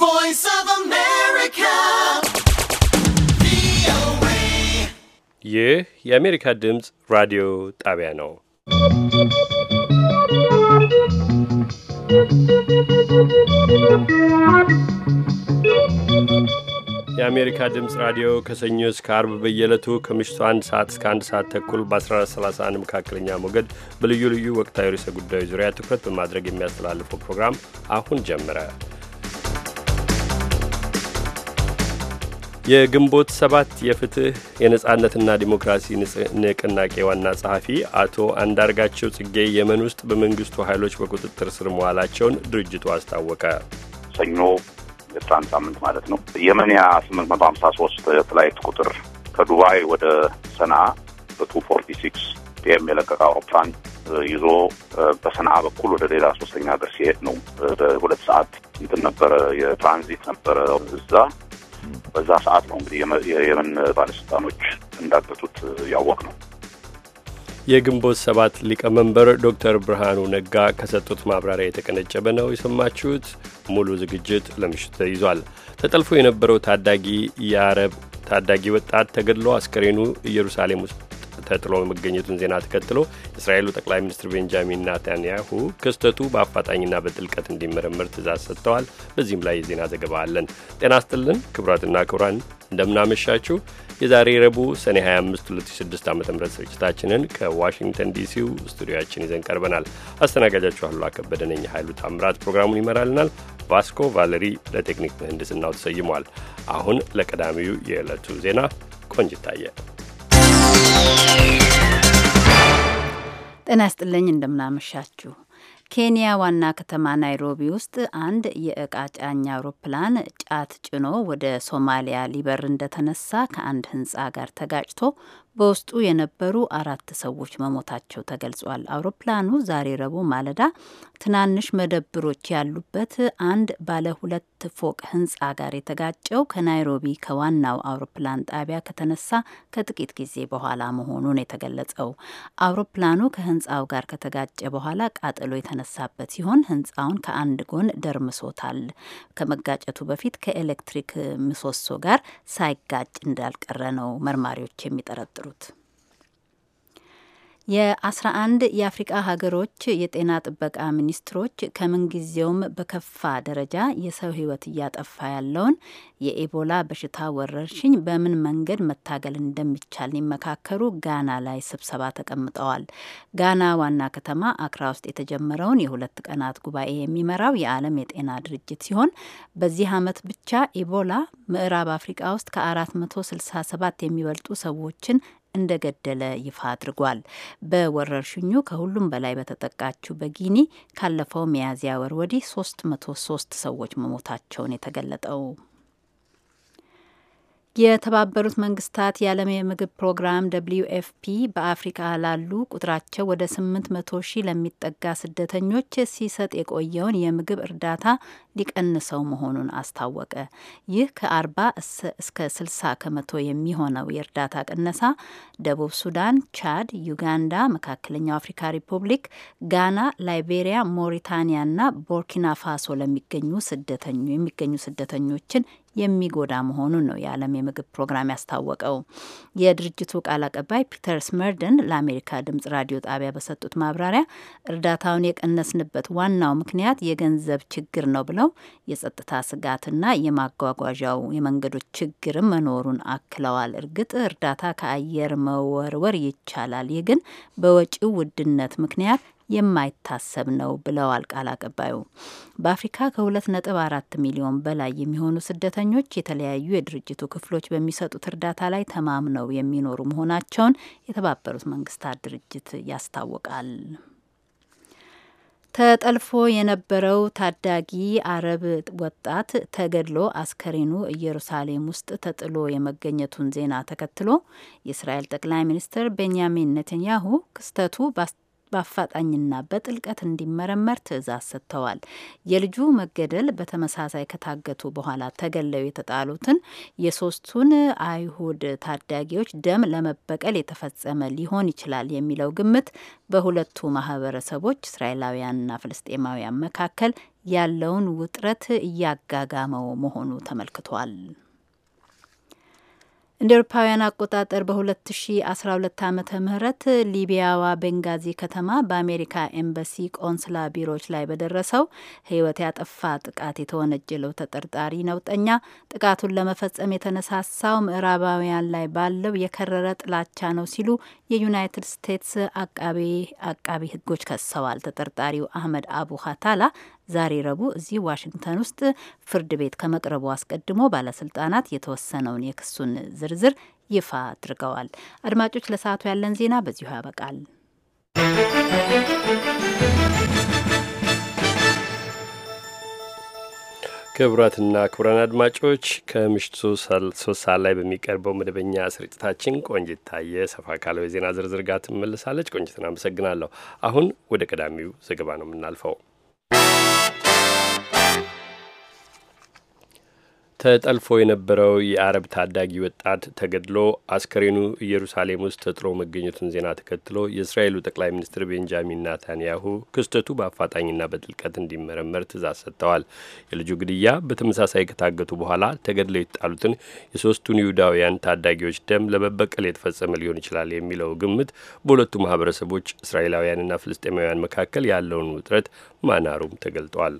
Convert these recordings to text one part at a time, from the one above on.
voice of America. ይህ የአሜሪካ ድምፅ ራዲዮ ጣቢያ ነው። የአሜሪካ ድምፅ ራዲዮ ከሰኞ እስከ አርብ በየዕለቱ ከምሽቱ አንድ ሰዓት እስከ አንድ ሰዓት ተኩል በ1431 መካከለኛ ሞገድ በልዩ ልዩ ወቅታዊ ርዕሰ ጉዳዮች ዙሪያ ትኩረት በማድረግ የሚያስተላልፈው ፕሮግራም አሁን ጀመረ። የግንቦት ሰባት የፍትህ የነጻነትና ዲሞክራሲ ንቅናቄ ዋና ጸሐፊ አቶ አንዳርጋቸው ጽጌ የመን ውስጥ በመንግስቱ ኃይሎች በቁጥጥር ስር መዋላቸውን ድርጅቱ አስታወቀ። ሰኞ የትራን ሳምንት ማለት ነው። የመንያ ስምንት መቶ ሀምሳ ሶስት ፍላይት ቁጥር ከዱባይ ወደ ሰና በቱ ፎርቲ ሲክስ ፒኤም የለቀቀ አውሮፕላን ይዞ በሰንአ በኩል ወደ ሌላ ሶስተኛ ሀገር ሲሄድ ነው። ሁለት ሰዓት እንትን ነበረ፣ የትራንዚት ነበረ እዛ በዛ ሰዓት ነው እንግዲህ የየመን ባለስልጣኖች እንዳገቱት ያወቅ ነው። የግንቦት ሰባት ሊቀመንበር ዶክተር ብርሃኑ ነጋ ከሰጡት ማብራሪያ የተቀነጨበ ነው የሰማችሁት። ሙሉ ዝግጅት ለምሽት ተይዟል። ተጠልፎ የነበረው ታዳጊ የአረብ ታዳጊ ወጣት ተገድሎ አስከሬኑ ኢየሩሳሌም ውስጥ ተጥሎ መገኘቱን ዜና ተከትሎ የእስራኤሉ ጠቅላይ ሚኒስትር ቤንጃሚን ናታንያሁ ክስተቱ በአፋጣኝና በጥልቀት እንዲመረመር ትእዛዝ ሰጥተዋል። በዚህም ላይ የዜና ዘገባ አለን። ጤና ስጥልን ክቡራትና ክቡራን እንደምናመሻችሁ። የዛሬ ረቡዕ ሰኔ 25 2006 ዓ ም ስርጭታችንን ከዋሽንግተን ዲሲው ስቱዲዮችን ይዘን ቀርበናል። አስተናጋጃችሁ አሉ ከበደ ነኝ። ኃይሉ ታምራት ፕሮግራሙን ይመራልናል። ቫስኮ ቫለሪ ለቴክኒክ ምህንድስናው ተሰይሟል። አሁን ለቀዳሚው የዕለቱ ዜና ቆንጅታየ ጤና ይስጥልኝ። እንደምናመሻችሁ። ኬንያ ዋና ከተማ ናይሮቢ ውስጥ አንድ የእቃ ጫኝ አውሮፕላን ጫት ጭኖ ወደ ሶማሊያ ሊበር እንደተነሳ ከአንድ ህንፃ ጋር ተጋጭቶ በውስጡ የነበሩ አራት ሰዎች መሞታቸው ተገልጿል። አውሮፕላኑ ዛሬ ረቡዕ ማለዳ ትናንሽ መደብሮች ያሉበት አንድ ባለ ሁለት ፎቅ ህንፃ ጋር የተጋጨው ከናይሮቢ ከዋናው አውሮፕላን ጣቢያ ከተነሳ ከጥቂት ጊዜ በኋላ መሆኑን የተገለጸው አውሮፕላኑ ከህንፃው ጋር ከተጋጨ በኋላ ቃጠሎ የተነሳበት ሲሆን ህንፃውን ከአንድ ጎን ደርምሶታል። ከመጋጨቱ በፊት ከኤሌክትሪክ ምሰሶ ጋር ሳይጋጭ እንዳልቀረ ነው መርማሪዎች የሚጠረጥሩ Ruth. የአስራ አንድ የአፍሪቃ ሀገሮች የጤና ጥበቃ ሚኒስትሮች ከምንጊዜውም በከፋ ደረጃ የሰው ሕይወት እያጠፋ ያለውን የኢቦላ በሽታ ወረርሽኝ በምን መንገድ መታገል እንደሚቻል ሊመካከሩ ጋና ላይ ስብሰባ ተቀምጠዋል። ጋና ዋና ከተማ አክራ ውስጥ የተጀመረውን የሁለት ቀናት ጉባኤ የሚመራው የዓለም የጤና ድርጅት ሲሆን በዚህ ዓመት ብቻ ኢቦላ ምዕራብ አፍሪቃ ውስጥ ከ467 የሚበልጡ ሰዎችን እንደገደለ ይፋ አድርጓል። በወረርሽኙ ከሁሉም በላይ በተጠቃችው በጊኒ ካለፈው ሚያዝያ ወር ወዲህ 303 ሰዎች መሞታቸውን የተገለጠው የተባበሩት መንግስታት የዓለም የምግብ ፕሮግራም ደብልዩ ኤፍፒ በአፍሪካ ላሉ ቁጥራቸው ወደ ስምንት መቶ ሺህ ለሚጠጋ ስደተኞች ሲሰጥ የቆየውን የምግብ እርዳታ ሊቀንሰው መሆኑን አስታወቀ። ይህ ከ40 እስከ 60 ከመቶ የሚሆነው የእርዳታ ቅነሳ ደቡብ ሱዳን፣ ቻድ፣ ዩጋንዳ፣ መካከለኛው አፍሪካ ሪፑብሊክ፣ ጋና፣ ላይቤሪያ፣ ና ቦርኪና ፋሶ ለሚገኙ ስደተኞ የሚገኙ ስደተኞችን የሚጎዳ መሆኑን ነው የዓለም የምግብ ፕሮግራም ያስታወቀው። የድርጅቱ ቃል አቀባይ ፒተር ስመርደን ለአሜሪካ ድምጽ ራዲዮ ጣቢያ በሰጡት ማብራሪያ እርዳታውን የቀነስንበት ዋናው ምክንያት የገንዘብ ችግር ነው ብለው ነው። የጸጥታ ስጋትና የማጓጓዣው የመንገዶች ችግር መኖሩን አክለዋል። እርግጥ እርዳታ ከአየር መወርወር ይቻላል፣ ይህ ግን በወጪው ውድነት ምክንያት የማይታሰብ ነው ብለዋል ቃል አቀባዩ። በአፍሪካ ከ2.4 ሚሊዮን በላይ የሚሆኑ ስደተኞች የተለያዩ የድርጅቱ ክፍሎች በሚሰጡት እርዳታ ላይ ተማምነው የሚኖሩ መሆናቸውን የተባበሩት መንግስታት ድርጅት ያስታውቃል። ተጠልፎ የነበረው ታዳጊ አረብ ወጣት ተገድሎ አስከሬኑ ኢየሩሳሌም ውስጥ ተጥሎ የመገኘቱን ዜና ተከትሎ የእስራኤል ጠቅላይ ሚኒስትር ቤንያሚን ኔተንያሁ ክስተቱ በአፋጣኝና በጥልቀት እንዲመረመር ትዕዛዝ ሰጥተዋል። የልጁ መገደል በተመሳሳይ ከታገቱ በኋላ ተገለው የተጣሉትን የሶስቱን አይሁድ ታዳጊዎች ደም ለመበቀል የተፈጸመ ሊሆን ይችላል የሚለው ግምት በሁለቱ ማህበረሰቦች እስራኤላውያንና ፍልስጤማውያን መካከል ያለውን ውጥረት እያጋጋመው መሆኑ ተመልክቷል። እንደ ኤውሮፓውያን አቆጣጠር በ2012 ዓ ም ሊቢያዋ ቤንጋዚ ከተማ በአሜሪካ ኤምባሲ ቆንስላ ቢሮዎች ላይ በደረሰው ሕይወት ያጠፋ ጥቃት የተወነጀለው ተጠርጣሪ ነውጠኛ ጥቃቱን ለመፈጸም የተነሳሳው ምዕራባውያን ላይ ባለው የከረረ ጥላቻ ነው ሲሉ የዩናይትድ ስቴትስ አቃቢ አቃቢ ሕጎች ከሰዋል። ተጠርጣሪው አህመድ አቡ ሀታላ ዛሬ ረቡዕ እዚህ ዋሽንግተን ውስጥ ፍርድ ቤት ከመቅረቡ አስቀድሞ ባለስልጣናት የተወሰነውን የክሱን ዝርዝር ይፋ አድርገዋል። አድማጮች፣ ለሰዓቱ ያለን ዜና በዚሁ ያበቃል። ክቡራትና ክቡራን አድማጮች ከምሽቱ ሶስት ሰዓት ላይ በሚቀርበው መደበኛ ስርጭታችን ቆንጅት ታየ ሰፋ ካለው የዜና ዝርዝር ጋር ትመልሳለች። ቆንጅትን አመሰግናለሁ። አሁን ወደ ቀዳሚው ዘገባ ነው የምናልፈው። ተጠልፎ የነበረው የአረብ ታዳጊ ወጣት ተገድሎ አስከሬኑ ኢየሩሳሌም ውስጥ ተጥሎ መገኘቱን ዜና ተከትሎ የእስራኤሉ ጠቅላይ ሚኒስትር ቤንጃሚን ናታንያሁ ክስተቱ በአፋጣኝና በጥልቀት እንዲመረመር ትእዛዝ ሰጥተዋል። የልጁ ግድያ በተመሳሳይ ከታገቱ በኋላ ተገድለው የተጣሉትን የሶስቱን ይሁዳውያን ታዳጊዎች ደም ለመበቀል የተፈጸመ ሊሆን ይችላል የሚለው ግምት በሁለቱ ማህበረሰቦች እስራኤላውያንና ፍልስጤማውያን መካከል ያለውን ውጥረት ማናሩም ተገልጧል።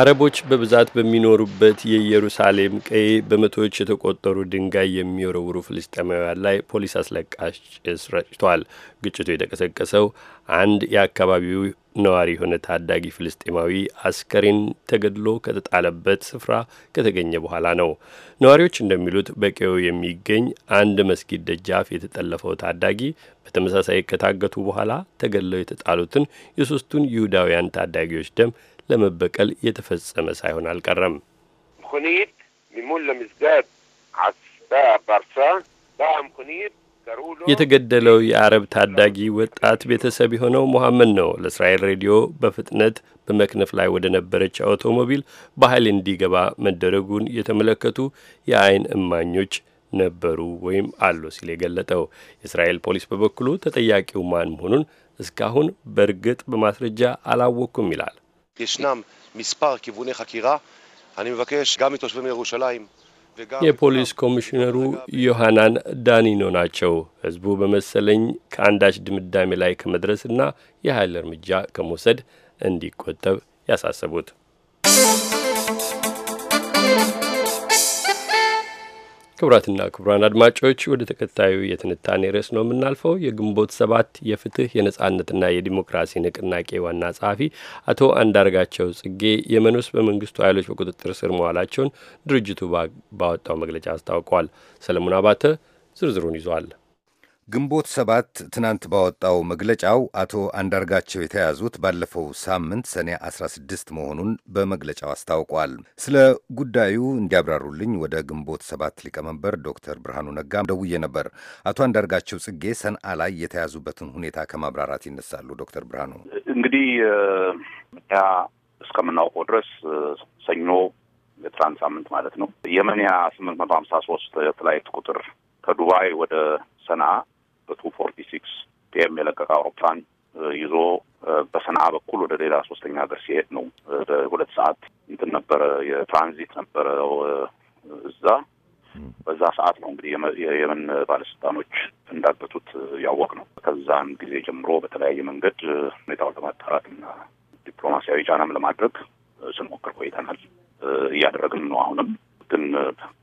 አረቦች በብዛት በሚኖሩበት የኢየሩሳሌም ቀይ በመቶዎች የተቆጠሩ ድንጋይ የሚወረውሩ ፍልስጤማውያን ላይ ፖሊስ አስለቃሽ ጭስ ረጭቷል። ግጭቱ የተቀሰቀሰው አንድ የአካባቢው ነዋሪ የሆነ ታዳጊ ፍልስጤማዊ አስከሬን ተገድሎ ከተጣለበት ስፍራ ከተገኘ በኋላ ነው። ነዋሪዎች እንደሚሉት በቀዬው የሚገኝ አንድ መስጊድ ደጃፍ የተጠለፈው ታዳጊ በተመሳሳይ ከታገቱ በኋላ ተገድለው የተጣሉትን የሶስቱን ይሁዳውያን ታዳጊዎች ደም ለመበቀል የተፈጸመ ሳይሆን አልቀረም። ሁኒት ሚሙን ለምዝጋድ አስባ ባርሳ በአም ሁኒት የተገደለው የአረብ ታዳጊ ወጣት ቤተሰብ የሆነው መሐመድ ነው። ለእስራኤል ሬዲዮ በፍጥነት በመክነፍ ላይ ወደ ነበረች አውቶሞቢል በኃይል እንዲገባ መደረጉን የተመለከቱ የአይን እማኞች ነበሩ ወይም አሉ ሲል የገለጠው የእስራኤል ፖሊስ በበኩሉ ተጠያቂው ማን መሆኑን እስካሁን በእርግጥ በማስረጃ አላወቅኩም ይላል። ישנם מספר כיווני חקירה. אני מבקש גם מתושבים ירושלים የፖሊስ ኮሚሽነሩ ዮሐናን ዳኒኖ ናቸው። ህዝቡ በመሰለኝ ከአንዳች ድምዳሜ ላይ ከመድረስና የኃይል እርምጃ ከመውሰድ እንዲቆጠብ ያሳሰቡት ክቡራትና ክቡራን አድማጮች ወደ ተከታዩ የትንታኔ ርዕስ ነው የምናልፈው። የግንቦት ሰባት የፍትህ የነጻነትና የዲሞክራሲ ንቅናቄ ዋና ጸሐፊ አቶ አንዳርጋቸው ጽጌ የመኖስ በመንግስቱ ኃይሎች በቁጥጥር ስር መዋላቸውን ድርጅቱ ባወጣው መግለጫ አስታውቋል። ሰለሞን አባተ ዝርዝሩን ይዟል። ግንቦት ሰባት ትናንት ባወጣው መግለጫው አቶ አንዳርጋቸው የተያዙት ባለፈው ሳምንት ሰኔ 16 መሆኑን በመግለጫው አስታውቋል። ስለ ጉዳዩ እንዲያብራሩልኝ ወደ ግንቦት ሰባት ሊቀመንበር ዶክተር ብርሃኑ ነጋ ደውዬ ነበር። አቶ አንዳርጋቸው ጽጌ ሰንአ ላይ የተያዙበትን ሁኔታ ከማብራራት ይነሳሉ። ዶክተር ብርሃኑ እንግዲህ ያ እስከምናውቀው ድረስ ሰኞ የትናንት ሳምንት ማለት ነው የመንያ ስምንት መቶ ሀምሳ ሶስት ፍላይት ቁጥር ከዱባይ ወደ ሰና በቱ ፎርቲ ሲክስ ፒኤም የለቀቀ አውሮፕላን uh, ይዞ uh, በሰንአ በኩል ወደ ሌላ ሶስተኛ ሀገር ሲሄድ ነው። ወደ uh, ሁለት ሰዓት እንትን ነበረ፣ የትራንዚት ነበረ እዛ። በዛ ሰዓት ነው እንግዲህ የየመን ባለስልጣኖች እንዳገቱት ያወቅ ነው። ከዛን ጊዜ ጀምሮ በተለያየ መንገድ ሁኔታውን ለማጣራትና ዲፕሎማሲያዊ ጫናም ለማድረግ ስንሞክር ቆይተናል። እያደረግን ነው። አሁንም ግን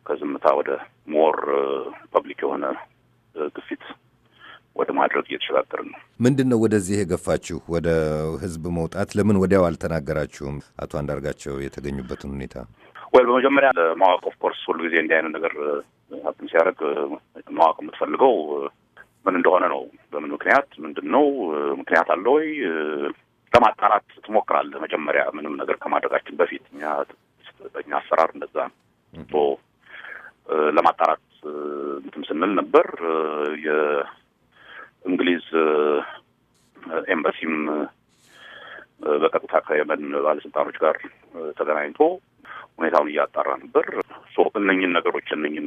ከዝምታ ወደ ሞር ፐብሊክ የሆነ ግፊት ወደ ማድረግ እየተሸጋገር ነው። ምንድን ነው ወደዚህ የገፋችሁ? ወደ ህዝብ መውጣት ለምን ወዲያው አልተናገራችሁም? አቶ አንዳርጋቸው የተገኙበትን ሁኔታ ወይ በመጀመሪያ ለማወቅ ኦፍኮርስ ሁሉ ጊዜ እንዲህ አይነት ነገር ሀብትን ሲያደርግ ማወቅ የምትፈልገው ምን እንደሆነ ነው። በምን ምክንያት ምንድን ነው ምክንያት አለ ወይ ለማጣራት ትሞክራለህ መጀመሪያ ምንም ነገር ከማድረጋችን በፊት እኛ አሰራር እንደዛ ለማጣራት ምትም ስንል ነበር። እንግሊዝ ኤምባሲም በቀጥታ ከየመን ባለስልጣኖች ጋር ተገናኝቶ ሁኔታውን እያጣራ ነበር። እነኝን ነገሮች እነኝን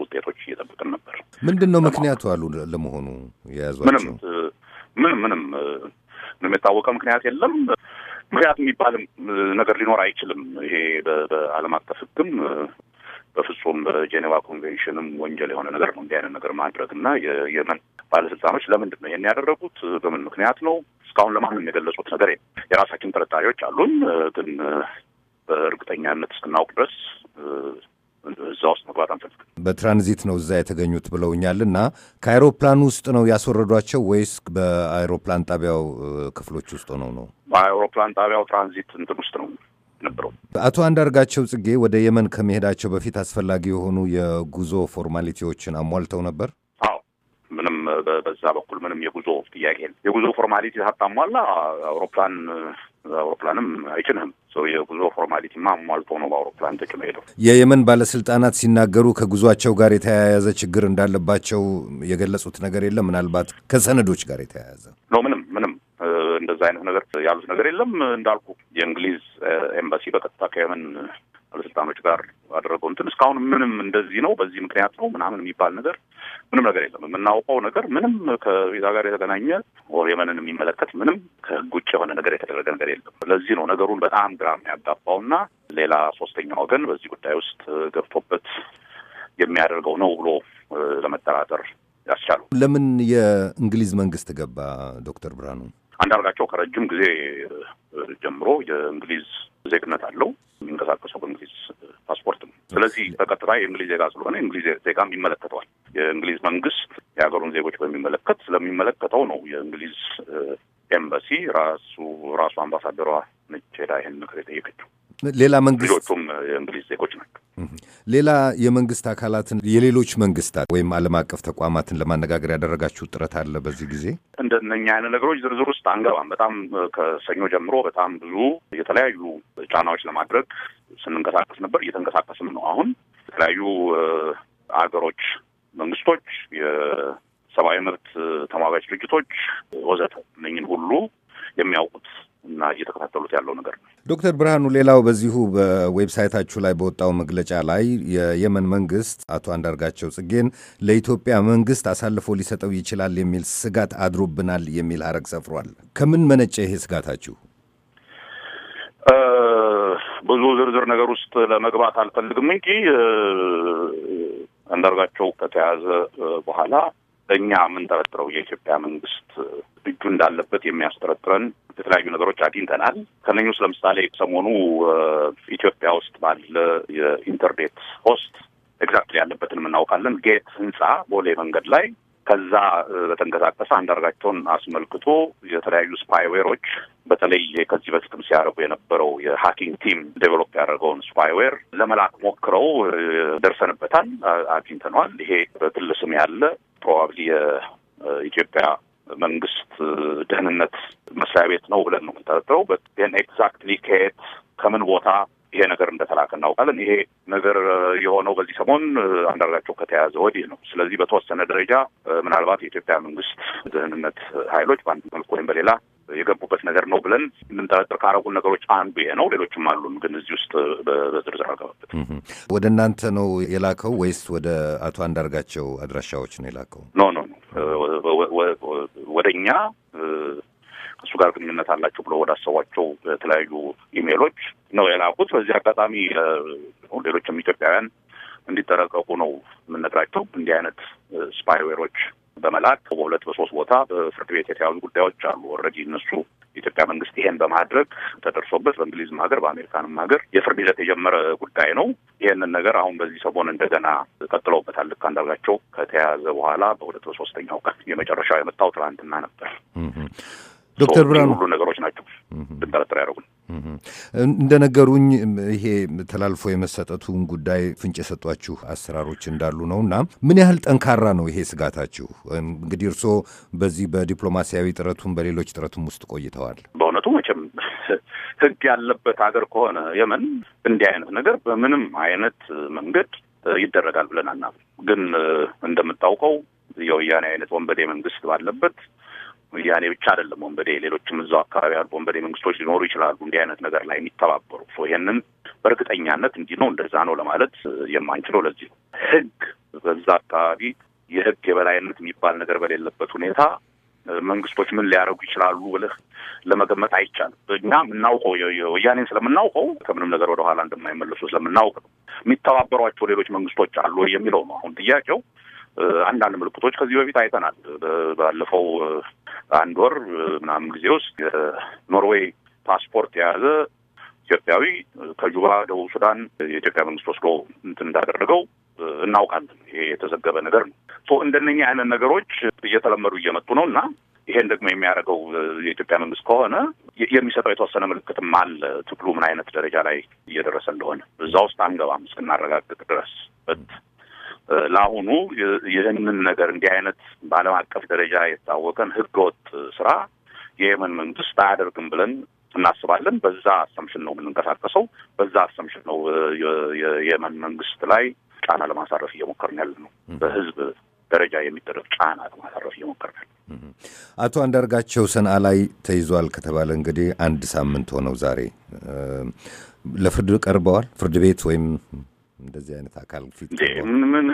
ውጤቶች እየጠበቅን ነበር። ምንድን ነው ምክንያቱ አሉ ለመሆኑ የያዟቸው? ምንም ምንም ምንም የታወቀ ምክንያት የለም። ምክንያት የሚባልም ነገር ሊኖር አይችልም። ይሄ በዓለም አቀፍ ሕግም በፍጹም ጄኔቫ ኮንቬንሽንም ወንጀል የሆነ ነገር ነው እንዲህ አይነት ነገር ማድረግ እና የየመን ባለስልጣኖች ለምንድን ነው ይህን ያደረጉት? በምን ምክንያት ነው? እስካሁን ለማንም የገለጹት ነገር የራሳችን ጥርጣሬዎች አሉን፣ ግን በእርግጠኛነት እስክናውቅ ድረስ እዛ ውስጥ መግባት አንፈልግም። በትራንዚት ነው እዛ የተገኙት ብለውኛል። እና ከአይሮፕላን ውስጥ ነው ያስወረዷቸው ወይስ በአይሮፕላን ጣቢያው ክፍሎች ውስጥ ነው ነው? በአይሮፕላን ጣቢያው ትራንዚት እንትን ውስጥ ነው ነበረው። አቶ አንዳርጋቸው ጽጌ ወደ የመን ከመሄዳቸው በፊት አስፈላጊ የሆኑ የጉዞ ፎርማሊቲዎችን አሟልተው ነበር። ምንም በዛ በኩል ምንም የጉዞ ጥያቄ የጉዞ ፎርማሊቲ ሳታሟላ አውሮፕላን አውሮፕላንም አይጭንህም። ሰው የጉዞ ፎርማሊቲማ አሟልቶ ነው በአውሮፕላን ተጭኖ መሄደው። የየመን ባለስልጣናት ሲናገሩ ከጉዟቸው ጋር የተያያዘ ችግር እንዳለባቸው የገለጹት ነገር የለም። ምናልባት ከሰነዶች ጋር የተያያዘ ነው ምንም እንደዛ አይነት ነገር ያሉት ነገር የለም። እንዳልኩ የእንግሊዝ ኤምባሲ በቀጥታ ከየመን ባለስልጣኖች ጋር አደረገው እንትን እስካሁን ምንም እንደዚህ ነው በዚህ ምክንያት ነው ምናምን የሚባል ነገር ምንም ነገር የለም። የምናውቀው ነገር ምንም ከቪዛ ጋር የተገናኘ ወር የመንን የሚመለከት ምንም ከህግ ውጭ የሆነ ነገር የተደረገ ነገር የለም። ለዚህ ነው ነገሩን በጣም ግራ እና ሌላ ሶስተኛ ወገን በዚህ ጉዳይ ውስጥ ገብቶበት የሚያደርገው ነው ብሎ ለመጠራጠር ያስቻሉ። ለምን የእንግሊዝ መንግስት ገባ? ዶክተር ብርሃኑ አንዳርጋቸው ከረጅም ጊዜ ጀምሮ የእንግሊዝ ዜግነት አለው። የሚንቀሳቀሰው በእንግሊዝ ፓስፖርት ነው። ስለዚህ በቀጥታ የእንግሊዝ ዜጋ ስለሆነ የእንግሊዝ ዜጋም ይመለከተዋል። የእንግሊዝ መንግስት የሀገሩን ዜጎች በሚመለከት ስለሚመለከተው ነው የእንግሊዝ ኤምባሲ ራሱ ራሱ አምባሳደሯ ነች ሄዳ ይህን ምክር የጠየቀችው። ሌላ መንግስት ልጆቹም የእንግሊዝ ዜጎች ናቸው። ሌላ የመንግስት አካላትን የሌሎች መንግስታት ወይም ዓለም አቀፍ ተቋማትን ለማነጋገር ያደረጋችሁ ጥረት አለ? በዚህ ጊዜ እንደነኛ አይነት ነገሮች ዝርዝር ውስጥ አንገባም። በጣም ከሰኞ ጀምሮ በጣም ብዙ የተለያዩ ጫናዎች ለማድረግ ስንንቀሳቀስ ነበር። እየተንቀሳቀስም ነው። አሁን የተለያዩ አገሮች መንግስቶች፣ የሰብአዊ መብት ተሟጋች ድርጅቶች ወዘተ እነኝን ሁሉ የሚያውቁት እና እየተከታተሉት ያለው ነገር ነው። ዶክተር ብርሃኑ ሌላው በዚሁ በዌብሳይታችሁ ላይ በወጣው መግለጫ ላይ የየመን መንግስት አቶ አንዳርጋቸው ጽጌን ለኢትዮጵያ መንግስት አሳልፎ ሊሰጠው ይችላል የሚል ስጋት አድሮብናል የሚል ሀረግ ሰፍሯል። ከምን መነጨ ይሄ ስጋታችሁ? ብዙ ዝርዝር ነገር ውስጥ ለመግባት አልፈልግም እንጂ አንዳርጋቸው ከተያዘ በኋላ እኛ የምንጠረጥረው የኢትዮጵያ መንግስት እጁ እንዳለበት የሚያስጠረጥረን የተለያዩ ነገሮች አግኝተናል። ከነኝ ውስጥ ለምሳሌ ሰሞኑ ኢትዮጵያ ውስጥ ባለ የኢንተርኔት ሆስት ኤግዛክትሊ ያለበትን የምናውቃለን ጌት ህንፃ ቦሌ መንገድ ላይ ከዛ በተንቀሳቀሰ አንዳርጋቸውን አስመልክቶ የተለያዩ ስፓይዌሮች በተለይ ከዚህ በፊትም ሲያደርጉ የነበረው የሀኪንግ ቲም ዴቨሎፕ ያደረገውን ስፓይዌር ለመላክ ሞክረው ደርሰንበታል፣ አግኝተነዋል። ይሄ በግል ስም ያለ ፕሮባብሊ የኢትዮጵያ መንግስት ደህንነት መስሪያ ቤት ነው ብለን ነው የምንጠረጥረው። ግን ኤግዛክትሊ ከየት ከምን ቦታ ይሄ ነገር እንደተላከ እናውቃለን። ይሄ ነገር የሆነው በዚህ ሰሞን አንዳርጋቸው ከተያዘ ወዲህ ነው። ስለዚህ በተወሰነ ደረጃ ምናልባት የኢትዮጵያ መንግስት ደህንነት ኃይሎች በአንድ መልኩ ወይም በሌላ የገቡበት ነገር ነው ብለን የምንጠረጥር ካረጉ ነገሮች አንዱ ይሄ ነው። ሌሎችም አሉን፣ ግን እዚህ ውስጥ በዝርዝር አልገባበት። ወደ እናንተ ነው የላከው ወይስ ወደ አቶ አንዳርጋቸው አድራሻዎች ነው የላከው? ኖ ኖ ወደ እኛ እሱ ጋር ግንኙነት አላቸው ብሎ ወዳሰቧቸው የተለያዩ ኢሜሎች ነው የላኩት። በዚህ አጋጣሚ ሌሎችም ኢትዮጵያውያን እንዲጠረቀቁ ነው የምንነግራቸው። እንዲህ አይነት ስፓይዌሮች በመላክ በሁለት በሶስት ቦታ በፍርድ ቤት የተያዙ ጉዳዮች አሉ። ኦልሬዲ እነሱ የኢትዮጵያ መንግስት ይሄን በማድረግ ተደርሶበት በእንግሊዝም ሀገር በአሜሪካንም ሀገር የፍርድ ይዘት የጀመረ ጉዳይ ነው። ይህንን ነገር አሁን በዚህ ሰሞን እንደገና ቀጥለውበታል። ልክ አንዳርጋቸው ከተያያዘ በኋላ በሁለት በሶስተኛው ቀን የመጨረሻው የመጣው ትላንትና ነበር። ዶክተር ብርሃኑ ሁሉ ነገሮች ናቸው ብንጠረጥር ያደረጉን። እንደነገሩኝ ይሄ ተላልፎ የመሰጠቱን ጉዳይ ፍንጭ የሰጧችሁ አሰራሮች እንዳሉ ነው እና ምን ያህል ጠንካራ ነው ይሄ ስጋታችሁ? እንግዲህ እርስዎ በዚህ በዲፕሎማሲያዊ ጥረቱም በሌሎች ጥረቱም ውስጥ ቆይተዋል። በእውነቱ መቼም ህግ ያለበት ሀገር ከሆነ የመን እንዲህ አይነት ነገር በምንም አይነት መንገድ ይደረጋል ብለን አናም ግን እንደምታውቀው የወያኔ አይነት ወንበዴ መንግስት ባለበት ያኔ ብቻ አይደለም ወንበዴ፣ ሌሎችም እዛው አካባቢ ያሉ ወንበዴ መንግስቶች ሊኖሩ ይችላሉ እንዲህ አይነት ነገር ላይ የሚተባበሩ። ይህንም በእርግጠኛነት እንዲህ ነው እንደዛ ነው ለማለት የማንችለው ለዚህ ነው። ህግ በዛ አካባቢ የህግ የበላይነት የሚባል ነገር በሌለበት ሁኔታ መንግስቶች ምን ሊያደርጉ ይችላሉ ብልህ ለመገመት አይቻልም። እኛ የምናውቀው ወያኔን ስለምናውቀው ከምንም ነገር ወደኋላ እንደማይመለሱ ስለምናውቅ ነው። የሚተባበሯቸው ሌሎች መንግስቶች አሉ የሚለው ነው አሁን ጥያቄው። አንዳንድ ምልክቶች ከዚህ በፊት አይተናል። ባለፈው አንድ ወር ምናምን ጊዜ ውስጥ የኖርዌይ ፓስፖርት የያዘ ኢትዮጵያዊ ከጁባ ደቡብ ሱዳን የኢትዮጵያ መንግስት ወስዶ እንትን እንዳደረገው እናውቃለን። ይሄ የተዘገበ ነገር ነው። እንደነኛ አይነት ነገሮች እየተለመዱ እየመጡ ነው እና ይሄን ደግሞ የሚያደርገው የኢትዮጵያ መንግስት ከሆነ የሚሰጠው የተወሰነ ምልክትም አለ። ትግሉ ምን አይነት ደረጃ ላይ እየደረሰ እንደሆነ እዛ ውስጥ አንገባም እስክናረጋግጥ ድረስ ለአሁኑ ይህንን ነገር እንዲህ አይነት በዓለም አቀፍ ደረጃ የታወቀን ህገወጥ ስራ የየመን መንግስት አያደርግም ብለን እናስባለን። በዛ አሰምሽን ነው የምንንቀሳቀሰው። በዛ አሰምሽን ነው የየመን መንግስት ላይ ጫና ለማሳረፍ እየሞከርን ያለ ነው። በህዝብ ደረጃ የሚደረግ ጫና ለማሳረፍ እየሞከርን ያለ አቶ አንዳርጋቸው ሰንአ ላይ ተይዟል ከተባለ እንግዲህ አንድ ሳምንት ሆነው ዛሬ ለፍርድ ቀርበዋል። ፍርድ ቤት ወይም እንደዚህ አይነት አካል ፊት ምን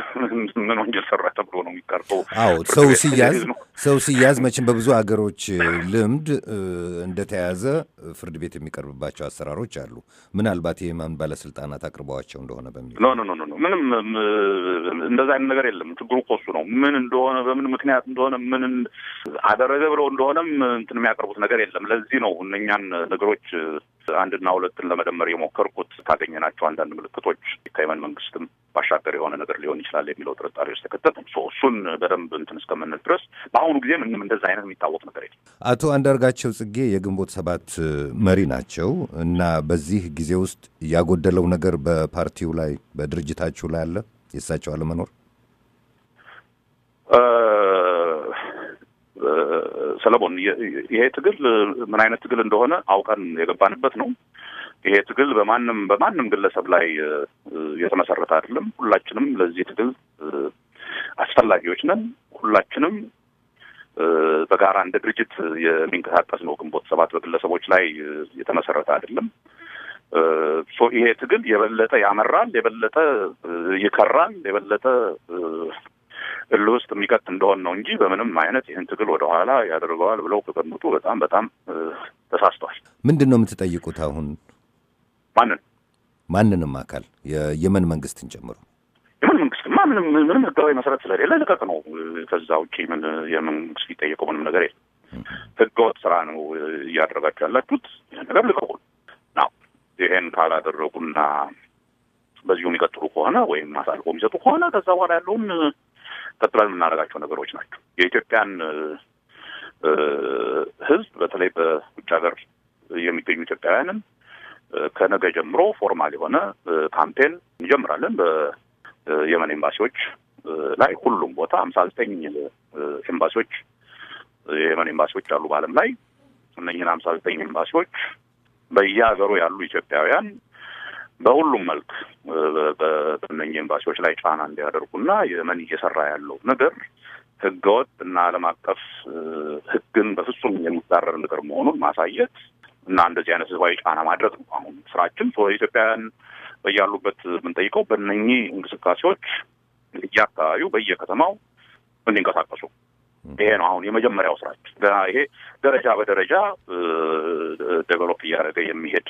ወንጀል ሰራ ተብሎ ነው የሚቀርበው? አዎ ሰው ሲያዝ ሰው ሲያዝ መቼም በብዙ አገሮች ልምድ እንደተያዘ ፍርድ ቤት የሚቀርብባቸው አሰራሮች አሉ። ምናልባት የየመን ባለስልጣናት አቅርበዋቸው እንደሆነ በሚል ኖ ኖ ኖ ምንም እንደዛ አይነት ነገር የለም። ችግሩ እኮ እሱ ነው። ምን እንደሆነ በምን ምክንያት እንደሆነ ምን አደረገ ብለው እንደሆነም እንትን የሚያቀርቡት ነገር የለም። ለዚህ ነው እነኛን ነገሮች አንድና ሁለትን ለመደመር የሞከርኩት። ካገኘናቸው አንዳንድ ምልክቶች ከየመን መንግስትም ባሻገር የሆነ ነገር ሊሆን ይችላል የሚለው ጥርጣሬ ውስጥ ተከተል እሱን በደንብ እንትን እስከምንል ድረስ በአሁኑ ጊዜ ምንም እንደዛ አይነት የሚታወቅ ነገር የለም። አቶ አንዳርጋቸው ጽጌ የግንቦት ሰባት መሪ ናቸው እና በዚህ ጊዜ ውስጥ ያጎደለው ነገር በፓርቲው ላይ በድርጅታችሁ ላይ አለ የእሳቸው አለመኖር ሰለሞን፣ ይሄ ትግል ምን አይነት ትግል እንደሆነ አውቀን የገባንበት ነው። ይሄ ትግል በማንም በማንም ግለሰብ ላይ የተመሰረተ አይደለም። ሁላችንም ለዚህ ትግል አስፈላጊዎች ነን። ሁላችንም በጋራ እንደ ድርጅት የሚንቀሳቀስ ነው። ግንቦት ሰባት በግለሰቦች ላይ የተመሰረተ አይደለም። ይሄ ትግል የበለጠ ያመራል፣ የበለጠ ይከራል፣ የበለጠ እልህ ውስጥ የሚቀጥ እንደሆን ነው እንጂ በምንም አይነት ይህን ትግል ወደኋላ ያደርገዋል ብለው ከገምቱ በጣም በጣም ተሳስተዋል። ምንድን ነው የምትጠይቁት አሁን ማንን ማንንም አካል የየመን መንግስትን ጨምሮ የመን መንግስትማ ምንም ምንም ህጋዊ መሰረት ስለሌለ ልቀቅ ነው። ከዛ ውጭ ምን የመን መንግስት ሊጠየቀው ምንም ነገር የለም። ህገወጥ ስራ ነው እያደረጋችሁ ያላችሁት፣ ይህን ነገር ልቀቁ ነው። ይሄን ካላደረጉና በዚሁ የሚቀጥሉ ከሆነ ወይም አሳልፎ የሚሰጡ ከሆነ ከዛ በኋላ ያለውን ቀጥለን የምናደርጋቸው ነገሮች ናቸው። የኢትዮጵያን ህዝብ በተለይ በውጭ ሀገር የሚገኙ ኢትዮጵያውያንን ከነገ ጀምሮ ፎርማል የሆነ ካምፔን እንጀምራለን። በየመን ኤምባሲዎች ላይ ሁሉም ቦታ ሀምሳ ዘጠኝ ኤምባሲዎች የየመን ኤምባሲዎች አሉ በአለም ላይ እነኝህን ሀምሳ ዘጠኝ ኤምባሲዎች በየሀገሩ ያሉ ኢትዮጵያውያን በሁሉም መልክ በእነኝህ ኤምባሲዎች ላይ ጫና እንዲያደርጉና የመን እየሰራ ያለው ነገር ህገወጥ እና አለም አቀፍ ህግን በፍጹም የሚጻረር ነገር መሆኑን ማሳየት እና እንደዚህ አይነት ህዝባዊ ጫና ማድረግ ነው አሁን ስራችን። ኢትዮጵያውያን በያሉበት የምንጠይቀው በእነኚህ እንቅስቃሴዎች እያካባቢው በየከተማው እንዲንቀሳቀሱ ይሄ ነው አሁን የመጀመሪያው ስራችን። ይሄ ደረጃ በደረጃ ዴቨሎፕ እያደረገ የሚሄድ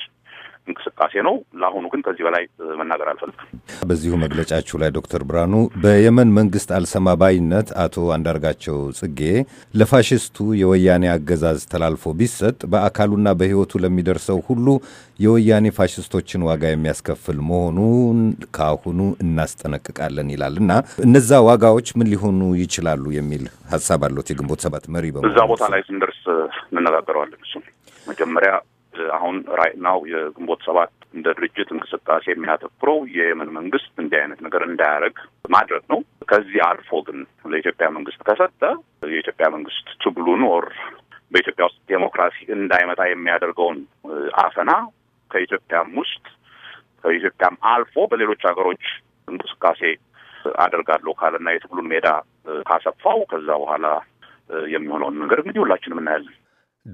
እንቅስቃሴ ነው። ለአሁኑ ግን ከዚህ በላይ መናገር አልፈልግም። በዚሁ መግለጫችሁ ላይ ዶክተር ብርሃኑ በየመን መንግስት አልሰማ ባይነት አቶ አንዳርጋቸው ጽጌ ለፋሽስቱ የወያኔ አገዛዝ ተላልፎ ቢሰጥ በአካሉና በሕይወቱ ለሚደርሰው ሁሉ የወያኔ ፋሽስቶችን ዋጋ የሚያስከፍል መሆኑን ከአሁኑ እናስጠነቅቃለን ይላል እና እነዛ ዋጋዎች ምን ሊሆኑ ይችላሉ የሚል ሀሳብ አለት የግንቦት ሰባት መሪ በእዛ ቦታ ላይ ስንደርስ እንነጋገረዋለን። እሱ መጀመሪያ አሁን ራይትናው የግንቦት ሰባት እንደ ድርጅት እንቅስቃሴ የሚያተኩረው የየመን መንግስት እንዲህ አይነት ነገር እንዳያደርግ ማድረግ ነው። ከዚህ አልፎ ግን ለኢትዮጵያ መንግስት ከሰጠ የኢትዮጵያ መንግስት ትግሉን ኦር በኢትዮጵያ ውስጥ ዴሞክራሲ እንዳይመጣ የሚያደርገውን አፈና ከኢትዮጵያም ውስጥ ከኢትዮጵያም አልፎ በሌሎች ሀገሮች እንቅስቃሴ አደርጋለሁ ካለና የትግሉን ሜዳ ካሰፋው ከዛ በኋላ የሚሆነውን ነገር እንግዲህ ሁላችንም እናያለን።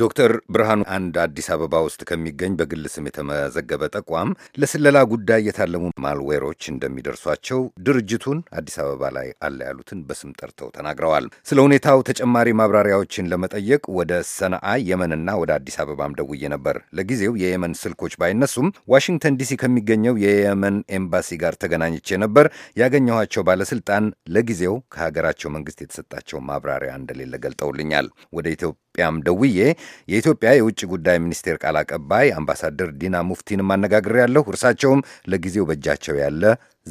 ዶክተር ብርሃኑ አንድ አዲስ አበባ ውስጥ ከሚገኝ በግል ስም የተመዘገበ ተቋም ለስለላ ጉዳይ የታለሙ ማልዌሮች እንደሚደርሷቸው ድርጅቱን አዲስ አበባ ላይ አለ ያሉትን በስም ጠርተው ተናግረዋል። ስለ ሁኔታው ተጨማሪ ማብራሪያዎችን ለመጠየቅ ወደ ሰነአ የመንና ወደ አዲስ አበባም ደውዬ ነበር። ለጊዜው የየመን ስልኮች ባይነሱም ዋሽንግተን ዲሲ ከሚገኘው የየመን ኤምባሲ ጋር ተገናኝቼ ነበር። ያገኘኋቸው ባለስልጣን ለጊዜው ከሀገራቸው መንግስት የተሰጣቸው ማብራሪያ እንደሌለ ገልጠውልኛል። ወደ ኢትዮ ኢትዮጵያም ደውዬ የኢትዮጵያ የውጭ ጉዳይ ሚኒስቴር ቃል አቀባይ አምባሳደር ዲና ሙፍቲንም ያለው እርሳቸውም ለጊዜው በእጃቸው ያለ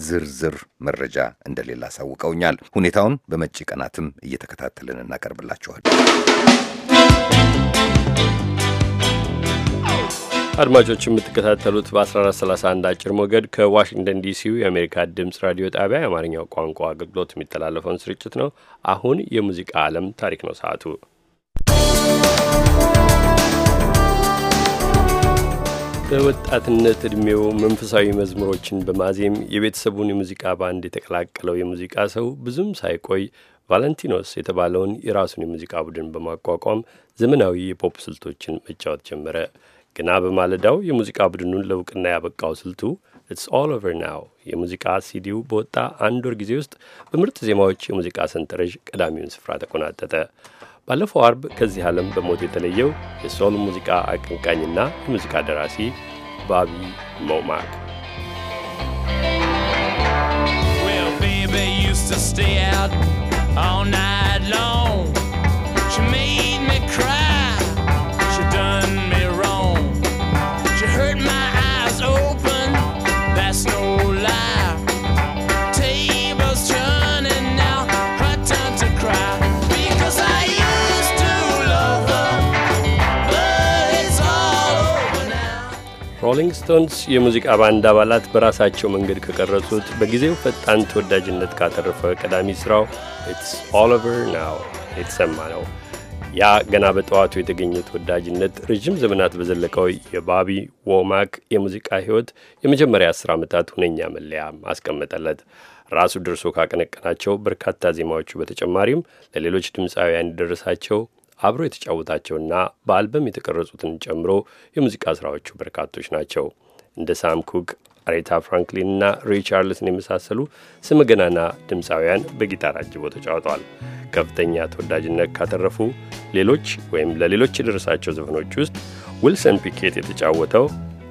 ዝርዝር መረጃ እንደሌለ አሳውቀውኛል። ሁኔታውን በመጪ ቀናትም እየተከታተልን እናቀርብላችኋል። አድማጮች የምትከታተሉት በ1431 አጭር ሞገድ ከዋሽንግተን ዲሲው የአሜሪካ ድምፅ ራዲዮ ጣቢያ የአማርኛው ቋንቋ አገልግሎት የሚተላለፈውን ስርጭት ነው። አሁን የሙዚቃ ዓለም ታሪክ ነው ሰዓቱ። በወጣትነት ዕድሜው መንፈሳዊ መዝሙሮችን በማዜም የቤተሰቡን የሙዚቃ ባንድ የተቀላቀለው የሙዚቃ ሰው ብዙም ሳይቆይ ቫለንቲኖስ የተባለውን የራሱን የሙዚቃ ቡድን በማቋቋም ዘመናዊ የፖፕ ስልቶችን መጫወት ጀመረ። ግና በማለዳው የሙዚቃ ቡድኑን ለእውቅና ያበቃው ስልቱ ኢትስ ኦል ኦቨር ናው የሙዚቃ ሲዲው በወጣ አንድ ወር ጊዜ ውስጥ በምርጥ ዜማዎች የሙዚቃ ሰንጠረዥ ቀዳሚውን ስፍራ ተቆናጠጠ። ባለፈው አርብ ከዚህ ዓለም በሞት የተለየው የሶል ሙዚቃ አቀንቃኝና የሙዚቃ ደራሲ ባቢ ሞማክ stay out All night long ሮሊንግ ስቶንስ የሙዚቃ ባንድ አባላት በራሳቸው መንገድ ከቀረጹት በጊዜው ፈጣን ተወዳጅነት ካተረፈ ቀዳሚ ስራው ኢትስ ኦል ኦቨር ናው የተሰማ ነው። ያ ገና በጠዋቱ የተገኘ ተወዳጅነት ረዥም ዘመናት በዘለቀው የባቢ ዎማክ የሙዚቃ ሕይወት የመጀመሪያ አስር ዓመታት ሁነኛ መለያ አስቀመጠለት። ራሱ ደርሶ ካቀነቀናቸው በርካታ ዜማዎቹ በተጨማሪም ለሌሎች ድምፃውያን የደረሳቸው አብሮ የተጫወታቸውና በአልበም የተቀረጹትን ጨምሮ የሙዚቃ ስራዎቹ በርካቶች ናቸው። እንደ ሳም ኩክ፣ አሬታ ፍራንክሊንና ሬ ቻርልስን የመሳሰሉ ስመገናና ድምፃውያን በጊታር አጅቦ ተጫውተዋል። ከፍተኛ ተወዳጅነት ካተረፉ ሌሎች ወይም ለሌሎች የደረሳቸው ዘፈኖች ውስጥ ዊልሰን ፒኬት የተጫወተው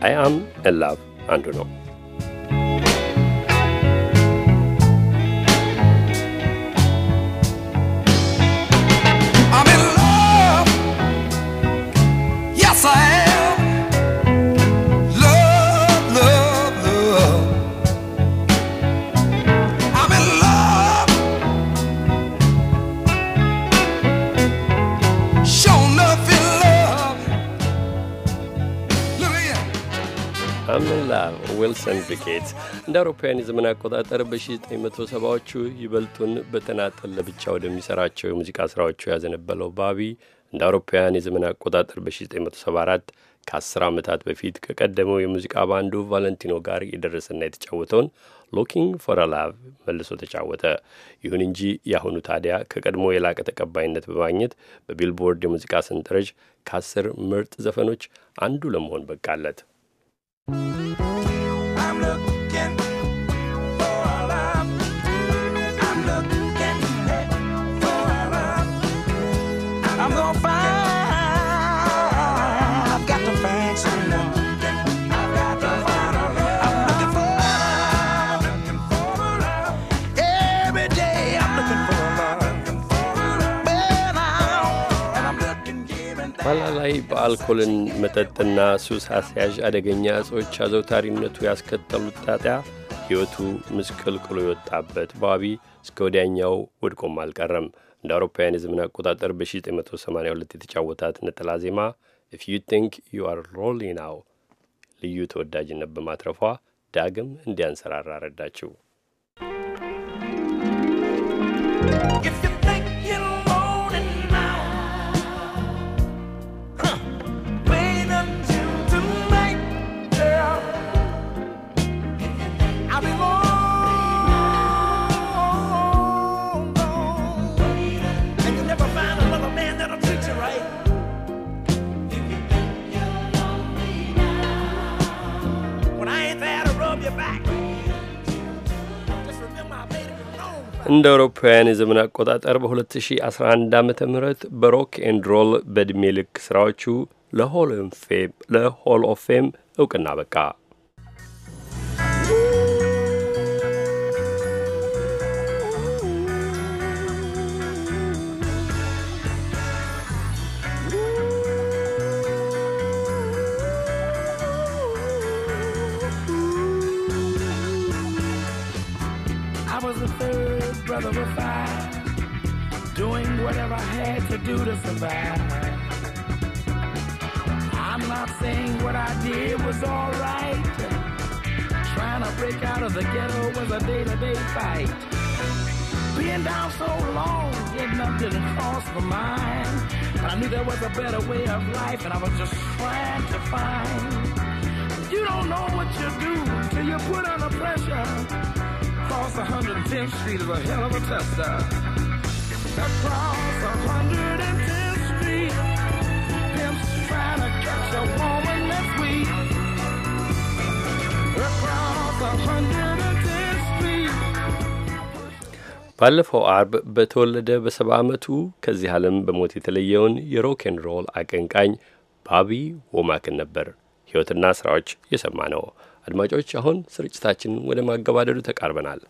አይ አም ላቭ አንዱ ነው። ሰንዲኬት እንደ አውሮፓውያን የዘመን አቆጣጠር በ1970ዎቹ ይበልጡን በተናጠል ለብቻ ወደሚሰራቸው የሙዚቃ ስራዎቹ ያዘነበለው ባቢ እንደ አውሮፓውያን የዘመን አቆጣጠር በ1974 ከ10 ዓመታት በፊት ከቀደመው የሙዚቃ ባንዱ ቫለንቲኖ ጋር የደረሰና የተጫወተውን ሎኪንግ ፎር ላቭ መልሶ ተጫወተ። ይሁን እንጂ የአሁኑ ታዲያ ከቀድሞ የላቀ ተቀባይነት በማግኘት በቢልቦርድ የሙዚቃ ሰንጠረዥ ከአስር ምርጥ ዘፈኖች አንዱ ለመሆን በቃለት። ላይ በአልኮልን መጠጥና ሱስ አስያዥ አደገኛ እጾች አዘውታሪነቱ ያስከተሉት ጣጣ ሕይወቱ ምስቅልቅሎ የወጣበት ባቢ እስከ ወዲያኛው ወድቆም አልቀረም። እንደ አውሮፓውያን የዘመን አቆጣጠር በ1982 የተጫወታት ነጠላ ዜማ ኢፍ ዩ ቲንክ ዩ አር ሮሊ ናው ልዩ ተወዳጅነት በማትረፏ ዳግም እንዲያንሰራራ ረዳችው። እንደ አውሮፓውያን የዘመን አቆጣጠር በ2011 ዓ ም በሮክ ኤንድ ሮል በዕድሜ ልክ ስራዎቹ ለሆል ኦፍ ፌም እውቅና በቃ። I was the brother refined, doing whatever I had to do to survive. I'm not saying what I did was alright. Trying to break out of the ghetto was a day-to-day fight. Being down so long, getting up didn't cross my mind. But I knew there was a better way of life, and I was just trying to find. You don't know what you do till you put under pressure. Across 110th Street is a hell of a tester. Across 110th Street, pimps trying to catch a woman that's weak. Across 110th Street. ባለፈው አርብ በተወለደ በሰባ ዓመቱ ከዚህ ዓለም በሞት የተለየውን የሮኬን ሮል አቀንቃኝ ባቢ ወማክን ነበር ሕይወትና ሥራዎች የሰማ ነው። አድማጮች፣ አሁን ስርጭታችንን ወደ ማገባደዱ ተቃርበናል።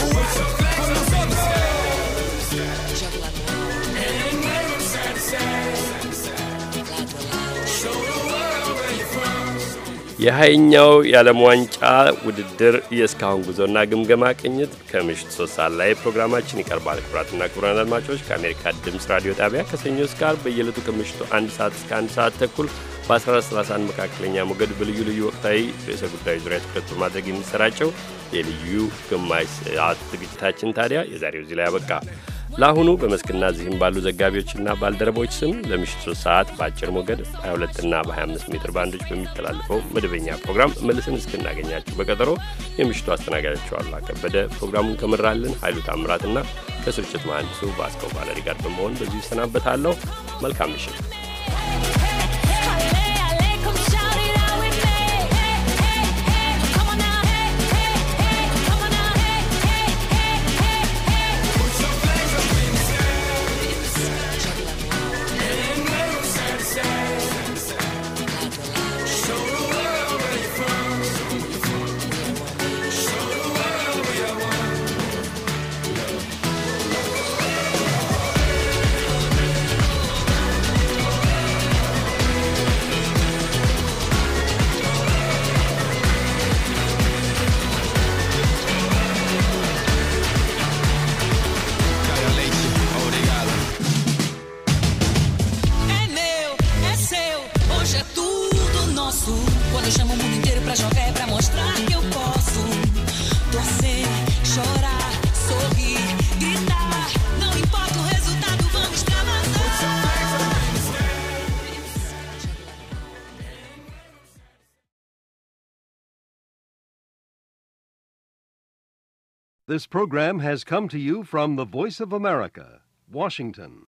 who? የሀያኛው የዓለም ዋንጫ ውድድር የእስካሁን ጉዞና ግምገማ ቅኝት ከምሽት ሶስት ሰዓት ላይ ፕሮግራማችን ይቀርባል። ክቡራትና ክቡራን አድማጮች ከአሜሪካ ድምፅ ራዲዮ ጣቢያ ከሰኞ እስከ ዓርብ በየዕለቱ ከምሽቱ አንድ ሰዓት እስከ አንድ ሰዓት ተኩል በ1431 መካከለኛ ሞገድ በልዩ ልዩ ወቅታዊ ርዕሰ ጉዳዮች ዙሪያ ትኩረት በማድረግ የሚሰራጨው የልዩ ግማሽ ሰዓት ዝግጅታችን ታዲያ የዛሬው እዚህ ላይ አበቃ። ለአሁኑ በመስክና እዚህም ባሉ ዘጋቢዎችና ባልደረቦች ስም ለምሽቱ ሰዓት በአጭር ሞገድ 22 ና በ25 ሜትር ባንዶች በሚተላለፈው መደበኛ ፕሮግራም መልስን እስክናገኛችሁ በቀጠሮ የምሽቱ አስተናጋጃቸው አሉላ ከበደ፣ ፕሮግራሙን ከምራልን ኃይሉ ታምራትና ከስርጭት መሐንዲሱ በአስከው ባለሪ ጋር በመሆን በዚሁ ይሰናበታለሁ። መልካም ምሽት። Eu chamo o mundo inteiro pra jogar, é pra mostrar que eu posso torcer, chorar, sorrir, gritar. Não importa o resultado, vamos This program has come to you from the Voice of America, Washington.